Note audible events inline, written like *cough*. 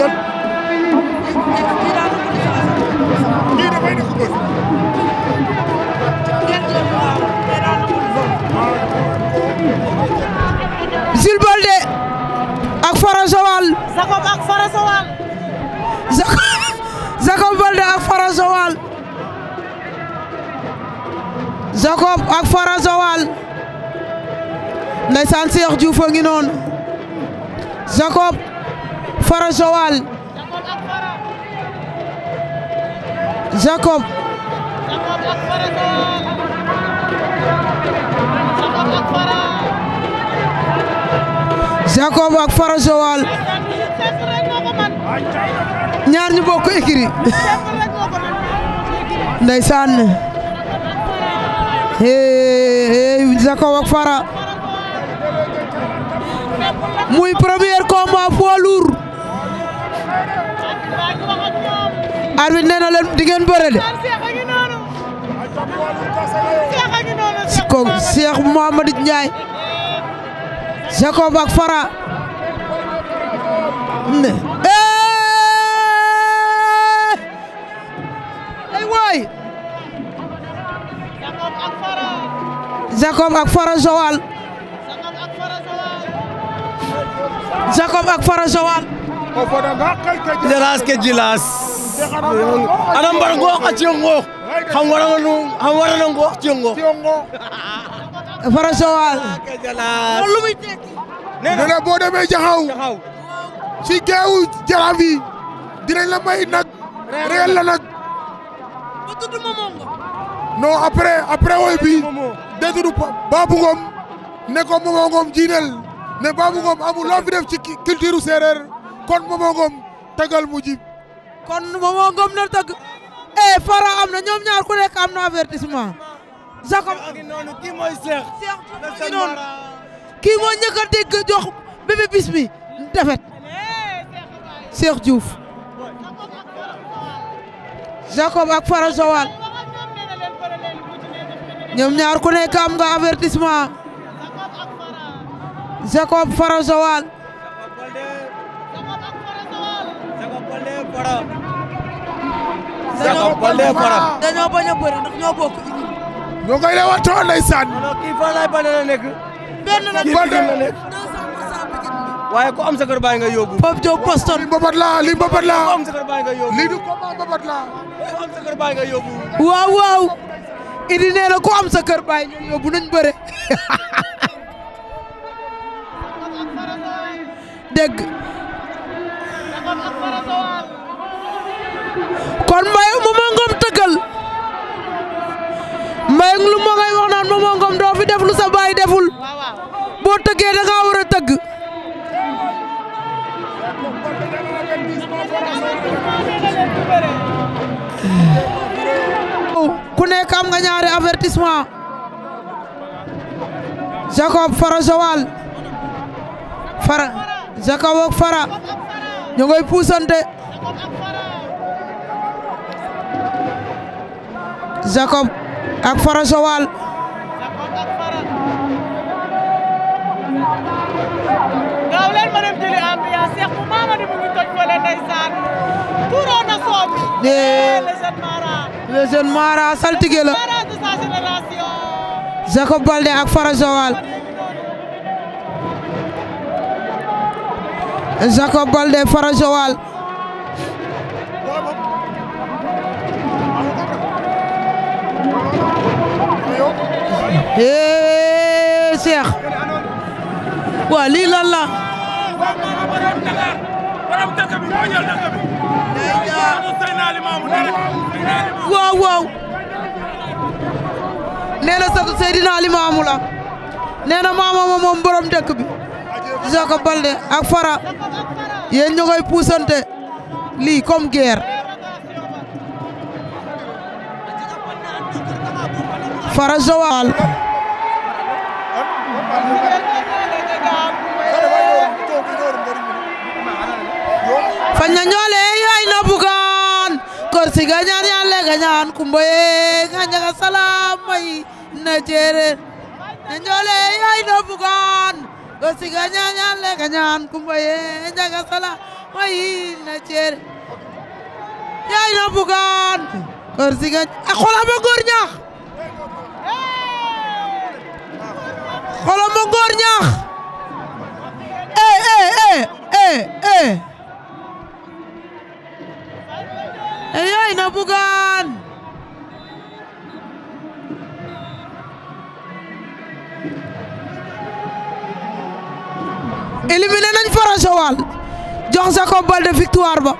lan kii dafay nekk mbër Jules Baldé ak Fara Joal Jacob Jacob Baldé ak Fara Joal Jacob ak Fara Joal ndeysaan Seex Juuf a ngi noonu Jacob Fara Joal Jacob Jacob ak Fara Joal ñaar ñu bokk écurie ndeysaan hey Jacob ak Fara muy premier combat poids lourd arbitre nee na leen di ngeen bëre de. si ko Cheikh Mouhamadou Ndiaye. Jacob ak Fara. ne. Eh! ay waay. Jacob ak Fara Joal. Jacob ak Fara Joal. jaraas ke jilaas ana mbar ngoox a ciyo ngoox xam warano ngoox ciyo ngoox fara sowal jaxaw ci geewu jaraaf yi dinañ la may nag réel la nag ba tudd Momo non après après woy bi ne ko Momo Ngom ne Babou Ngom amul loo fi def ci culture séeréer kon Momo Ngom tëggal mu kon Momo na tëgg eh Fara na ñoom ñaar ku nekk am na avertissement Jacob ngi noonu kii jox bébé bismi defet Cheikh Diouf Jacob ak Fara Joal ñoom ñaar ku nekk am nga avertissement Jacob Fara Joal Fara. Jacob Baldé Fara. dañoo bañ a bëri ndax ñoo bokk équipe. ñoo nekk. benn la nekk waaye sa nga yóbbu. Pape Diop Boston. du ko am sa kër nga yóbbu. waaw waaw. Idi nee na am sa kër nga yóbbu nañ bëre. *laughs* kon Mbaye Momo Ngom tëggal Mbaye lu ma ngay wax deful boo tëggee da ngaa a tëgg ku nekk nga ñaari avertissement Jacob Fara Joal Fara Fara ñu puusante Jacob ak Fara Joal eh, saltige la Jacob Baldé ak hee eh, Cheikh waa lii lan waaw waaw. nee na satu Seydina Limaamu la. nee na maama moom borom dëkk bi. Jacob Baldé ak Fara. yéen ñu koy puusante lii comme guerre. fara Joal faña ñoole yaay na bugaan korsi gañaan yaan le gañaan kumba ye gañaga salaam may na jeere na ñoole yaay le gañaan kumba ye gañaga salaam may na jeere yaay na bugaan kër si nga ak ah, xolam ma góor ñaax xolam ma góor ñaax eh eh eh eh eh eh yooy na nañ Fara Joal jox sa ko balle de victoire ba